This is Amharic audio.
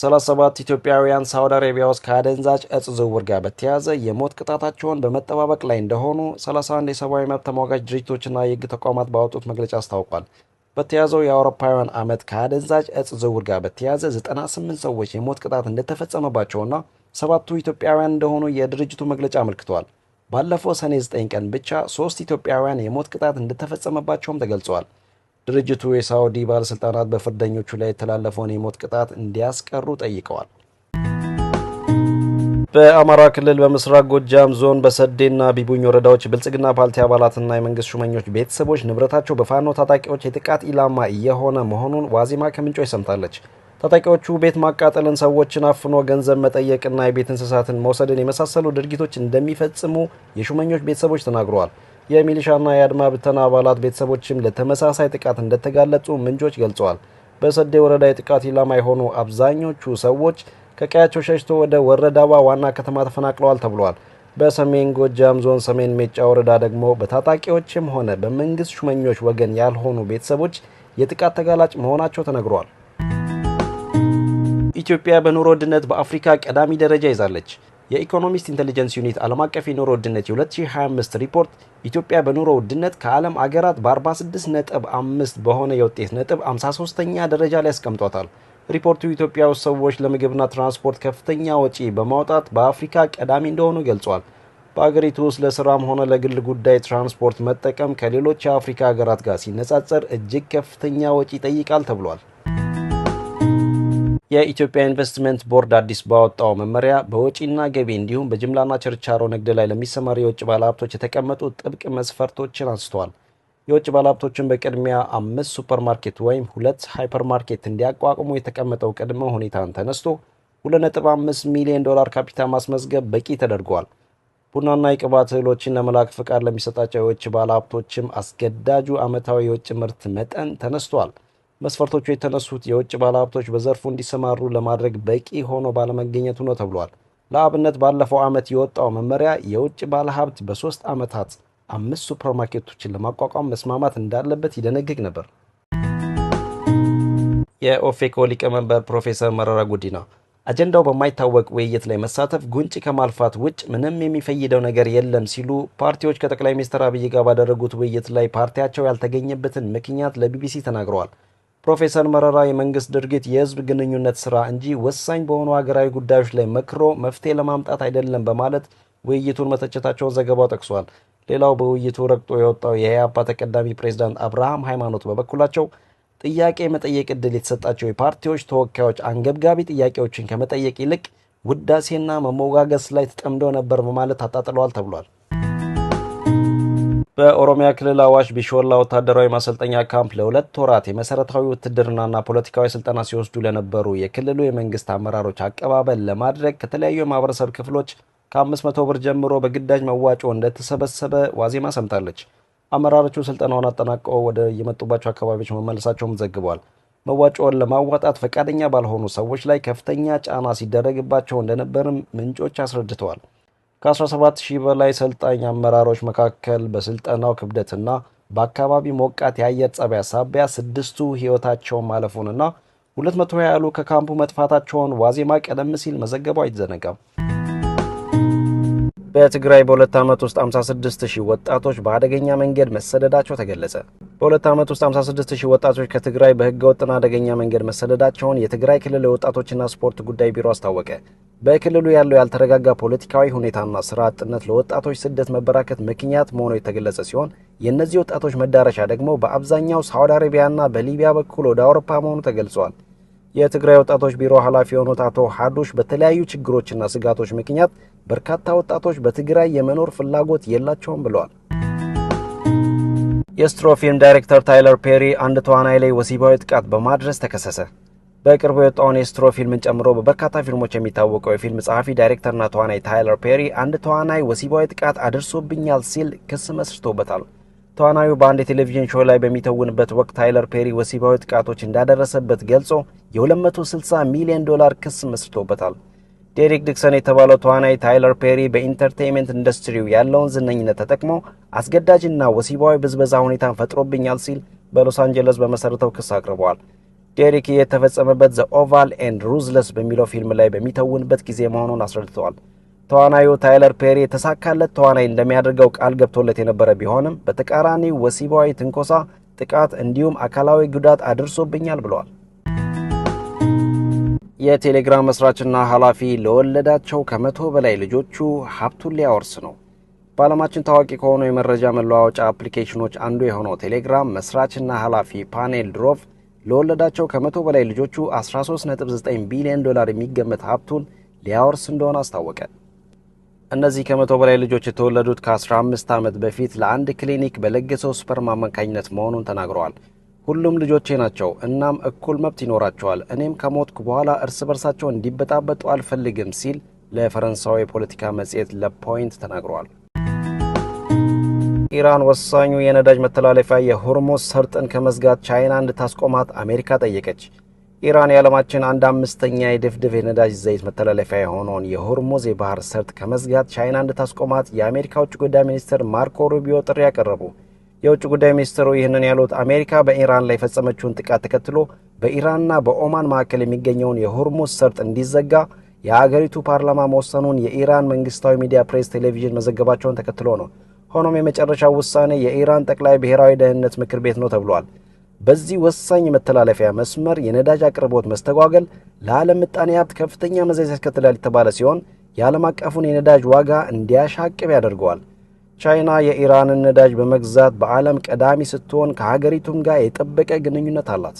37 ኢትዮጵያውያን ሳውዲ አረቢያ ውስጥ ከአደንዛጭ እጽ ዝውውር ጋር በተያያዘ የሞት ቅጣታቸውን በመጠባበቅ ላይ እንደሆኑ 31 የሰብአዊ መብት ተሟጋች ድርጅቶችና የህግ ተቋማት ባወጡት መግለጫ አስታውቋል። በተያዘው የአውሮፓውያን ዓመት ከአደንዛጭ እጽ ዝውውር ጋር በተያያዘ 98 ሰዎች የሞት ቅጣት እንደተፈጸመባቸውና ሰባቱ ኢትዮጵያውያን እንደሆኑ የድርጅቱ መግለጫ አመልክቷል። ባለፈው ሰኔ 9 ቀን ብቻ ሶስት ኢትዮጵያውያን የሞት ቅጣት እንደተፈጸመባቸውም ተገልጿል። ድርጅቱ የሳውዲ ባለሥልጣናት በፍርደኞቹ ላይ የተላለፈውን የሞት ቅጣት እንዲያስቀሩ ጠይቀዋል። በአማራ ክልል በምስራቅ ጎጃም ዞን በሰዴና ቢቡኝ ወረዳዎች ብልጽግና ፓርቲ አባላትና የመንግስት ሹመኞች ቤተሰቦች ንብረታቸው በፋኖ ታጣቂዎች የጥቃት ኢላማ እየሆነ መሆኑን ዋዜማ ከምንጮች ሰምታለች። ታጣቂዎቹ ቤት ማቃጠልን፣ ሰዎችን አፍኖ ገንዘብ መጠየቅና የቤት እንስሳትን መውሰድን የመሳሰሉ ድርጊቶች እንደሚፈጽሙ የሹመኞች ቤተሰቦች ተናግረዋል። የሚሊሻና የአድማ ብተና አባላት ቤተሰቦችም ለተመሳሳይ ጥቃት እንደተጋለጡ ምንጮች ገልጸዋል። በሰዴ ወረዳ የጥቃት ኢላማ የሆኑ አብዛኞቹ ሰዎች ከቀያቸው ሸሽቶ ወደ ወረዳዋ ዋና ከተማ ተፈናቅለዋል ተብሏል። በሰሜን ጎጃም ዞን ሰሜን ሜጫ ወረዳ ደግሞ በታጣቂዎችም ሆነ በመንግስት ሹመኞች ወገን ያልሆኑ ቤተሰቦች የጥቃት ተጋላጭ መሆናቸው ተነግሯል። ኢትዮጵያ በኑሮ ውድነት በአፍሪካ ቀዳሚ ደረጃ ይዛለች። የኢኮኖሚስት ኢንቴሊጀንስ ዩኒት ዓለም አቀፍ የኑሮ ውድነት የ2025 ሪፖርት ኢትዮጵያ በኑሮ ውድነት ከዓለም አገራት በ46 ነጥብ 5 በሆነ የውጤት ነጥብ 53ኛ ደረጃ ላይ አስቀምጧታል። ሪፖርቱ ኢትዮጵያ ውስጥ ሰዎች ለምግብና ትራንስፖርት ከፍተኛ ወጪ በማውጣት በአፍሪካ ቀዳሚ እንደሆኑ ገልጿል። በአገሪቱ ውስጥ ለስራም ሆነ ለግል ጉዳይ ትራንስፖርት መጠቀም ከሌሎች የአፍሪካ ሀገራት ጋር ሲነጻጸር እጅግ ከፍተኛ ወጪ ይጠይቃል ተብሏል። የኢትዮጵያ ኢንቨስትመንት ቦርድ አዲስ ባወጣው መመሪያ በወጪና ገቢ እንዲሁም በጅምላና ችርቻሮ ንግድ ላይ ለሚሰማሩ የውጭ ባለሀብቶች የተቀመጡ ጥብቅ መስፈርቶችን አንስተዋል። የውጭ ባለሀብቶችን በቅድሚያ አምስት ሱፐርማርኬት ወይም ሁለት ሃይፐርማርኬት እንዲያቋቁሙ የተቀመጠው ቅድመ ሁኔታን ተነስቶ 2.5 ሚሊዮን ዶላር ካፒታል ማስመዝገብ በቂ ተደርጓል። ቡናና የቅባት እህሎችን ለመላክ ፍቃድ ለሚሰጣቸው የውጭ ባለሀብቶችም አስገዳጁ ዓመታዊ የውጭ ምርት መጠን ተነስቷል። መስፈርቶቹ የተነሱት የውጭ ባለሀብቶች በዘርፉ እንዲሰማሩ ለማድረግ በቂ ሆኖ ባለመገኘቱ ነው ተብሏል። ለአብነት ባለፈው ዓመት የወጣው መመሪያ የውጭ ባለሀብት በሶስት ዓመታት አምስት ሱፐርማርኬቶችን ለማቋቋም መስማማት እንዳለበት ይደነግግ ነበር። የኦፌኮ ሊቀመንበር ፕሮፌሰር መረራ ጉዲና አጀንዳው በማይታወቅ ውይይት ላይ መሳተፍ ጉንጭ ከማልፋት ውጭ ምንም የሚፈይደው ነገር የለም ሲሉ ፓርቲዎች ከጠቅላይ ሚኒስትር አብይ ጋር ባደረጉት ውይይት ላይ ፓርቲያቸው ያልተገኘበትን ምክንያት ለቢቢሲ ተናግረዋል። ፕሮፌሰር መረራ የመንግስት ድርጊት የህዝብ ግንኙነት ስራ እንጂ ወሳኝ በሆኑ ሀገራዊ ጉዳዮች ላይ መክሮ መፍትሄ ለማምጣት አይደለም በማለት ውይይቱን መተቸታቸውን ዘገባው ጠቅሷል። ሌላው በውይይቱ ረግጦ የወጣው የኢህአፓ ተቀዳሚ ፕሬዚዳንት አብርሃም ሃይማኖት በበኩላቸው ጥያቄ መጠየቅ ዕድል የተሰጣቸው የፓርቲዎች ተወካዮች አንገብጋቢ ጥያቄዎችን ከመጠየቅ ይልቅ ውዳሴና መሞጋገስ ላይ ተጠምደው ነበር በማለት አጣጥለዋል ተብሏል። በኦሮሚያ ክልል አዋሽ ቢሾላ ወታደራዊ ማሰልጠኛ ካምፕ ለሁለት ወራት የመሰረታዊ ውትድርናና ፖለቲካዊ ስልጠና ሲወስዱ ለነበሩ የክልሉ የመንግስት አመራሮች አቀባበል ለማድረግ ከተለያዩ የማህበረሰብ ክፍሎች ከ500 ብር ጀምሮ በግዳጅ መዋጮ እንደተሰበሰበ ዋዜማ ሰምታለች። አመራሮቹ ስልጠናውን አጠናቀው ወደ የመጡባቸው አካባቢዎች መመለሳቸውም ዘግቧል። መዋጮውን ለማዋጣት ፈቃደኛ ባልሆኑ ሰዎች ላይ ከፍተኛ ጫና ሲደረግባቸው እንደነበርም ምንጮች አስረድተዋል። ከ17ሺህ በላይ ሰልጣኝ አመራሮች መካከል በስልጠናው ክብደትና በአካባቢ ሞቃት የአየር ጸባይ ሳቢያ ስድስቱ ሕይወታቸውን ማለፉንና 200 ያሉ ከካምፑ መጥፋታቸውን ዋዜማ ቀደም ሲል መዘገቡ አይዘነጋም። በትግራይ በሁለት ዓመት ውስጥ 56 ሺህ ወጣቶች በአደገኛ መንገድ መሰደዳቸው ተገለጸ። በሁለት ዓመት ውስጥ 56 ሺህ ወጣቶች ከትግራይ በሕገ ወጥና አደገኛ መንገድ መሰደዳቸውን የትግራይ ክልል የወጣቶችና ስፖርት ጉዳይ ቢሮ አስታወቀ። በክልሉ ያለው ያልተረጋጋ ፖለቲካዊ ሁኔታና ስራ አጥነት ለወጣቶች ስደት መበራከት ምክንያት መሆኑ የተገለጸ ሲሆን የእነዚህ ወጣቶች መዳረሻ ደግሞ በአብዛኛው ሳውዲ አረቢያና በሊቢያ በኩል ወደ አውሮፓ መሆኑ ተገልጿል። የትግራይ ወጣቶች ቢሮ ኃላፊ የሆኑት አቶ ሀዱሽ በተለያዩ ችግሮችና ስጋቶች ምክንያት በርካታ ወጣቶች በትግራይ የመኖር ፍላጎት የላቸውም ብለዋል። የስትሮ ፊልም ዳይሬክተር ታይለር ፔሪ አንድ ተዋናይ ላይ ወሲባዊ ጥቃት በማድረስ ተከሰሰ። በቅርቡ የወጣውን የስትሮ ፊልምን ጨምሮ በበርካታ ፊልሞች የሚታወቀው የፊልም ጸሐፊ ዳይሬክተርና ተዋናይ ታይለር ፔሪ አንድ ተዋናይ ወሲባዊ ጥቃት አድርሶብኛል ሲል ክስ መስርቶበታል። ተዋናዩ በአንድ የቴሌቪዥን ሾው ላይ በሚተውንበት ወቅት ታይለር ፔሪ ወሲባዊ ጥቃቶች እንዳደረሰበት ገልጾ የ260 ሚሊዮን ዶላር ክስ መስርቶበታል። ዴሪክ ዲክሰን የተባለው ተዋናይ ታይለር ፔሪ በኢንተርቴይንመንት ኢንዱስትሪው ያለውን ዝነኝነት ተጠቅሞ አስገዳጅና ወሲባዊ ብዝበዛ ሁኔታን ፈጥሮብኛል ሲል በሎስ አንጀለስ በመሰረተው ክስ አቅርበዋል። ዴሪክ የተፈጸመበት ዘ ኦቫል ኤንድ ሩዝለስ በሚለው ፊልም ላይ በሚተውንበት ጊዜ መሆኑን አስረድተዋል። ተዋናዩ ታይለር ፔሪ የተሳካለት ተዋናይ እንደሚያደርገው ቃል ገብቶለት የነበረ ቢሆንም በተቃራኒ ወሲባዊ ትንኮሳ፣ ጥቃት እንዲሁም አካላዊ ጉዳት አድርሶብኛል ብለዋል። የቴሌግራም መስራችና ኃላፊ ለወለዳቸው ከመቶ በላይ ልጆቹ ሀብቱን ሊያወርስ ነው። በዓለማችን ታዋቂ ከሆኑ የመረጃ መለዋወጫ አፕሊኬሽኖች አንዱ የሆነው ቴሌግራም መስራችና ኃላፊ ፓኔል ድሮቭ ለወለዳቸው ከመቶ በላይ ልጆቹ 13.9 ቢሊዮን ዶላር የሚገመት ሀብቱን ሊያወርስ እንደሆነ አስታወቀ። እነዚህ ከመቶ በላይ ልጆች የተወለዱት ከ15 ዓመት በፊት ለአንድ ክሊኒክ በለገሰው ስፐርም አማካኝነት መሆኑን ተናግረዋል። ሁሉም ልጆቼ ናቸው፣ እናም እኩል መብት ይኖራቸዋል። እኔም ከሞትኩ በኋላ እርስ በርሳቸው እንዲበጣበጡ አልፈልግም ሲል ለፈረንሳዊ የፖለቲካ መጽሔት ለፖይንት ተናግረዋል። ኢራን ወሳኙ የነዳጅ መተላለፊያ የሆርሙዝ ሰርጥን ከመዝጋት ቻይና እንድታስቆማት አሜሪካ ጠየቀች። ኢራን የዓለማችን አንድ አምስተኛ የድፍድፍ የነዳጅ ዘይት መተላለፊያ የሆነውን የሆርሙዝ የባህር ሰርጥ ከመዝጋት ቻይና እንድታስቆማት የአሜሪካ ውጭ ጉዳይ ሚኒስትር ማርኮ ሩቢዮ ጥሪ ያቀረቡ። የውጭ ጉዳይ ሚኒስትሩ ይህንን ያሉት አሜሪካ በኢራን ላይ የፈጸመችውን ጥቃት ተከትሎ በኢራንና በኦማን መካከል የሚገኘውን የሆርሙዝ ሰርጥ እንዲዘጋ የአገሪቱ ፓርላማ መወሰኑን የኢራን መንግስታዊ ሚዲያ ፕሬስ ቴሌቪዥን መዘገባቸውን ተከትሎ ነው። ሆኖም የመጨረሻው ውሳኔ የኢራን ጠቅላይ ብሔራዊ ደህንነት ምክር ቤት ነው ተብሏል። በዚህ ወሳኝ መተላለፊያ መስመር የነዳጅ አቅርቦት መስተጓገል ለዓለም ምጣኔ ሀብት ከፍተኛ መዘዝ ያስከትላል የተባለ ሲሆን የዓለም አቀፉን የነዳጅ ዋጋ እንዲያሻቅብ ያደርገዋል። ቻይና የኢራንን ነዳጅ በመግዛት በዓለም ቀዳሚ ስትሆን ከሀገሪቱም ጋር የጠበቀ ግንኙነት አላት።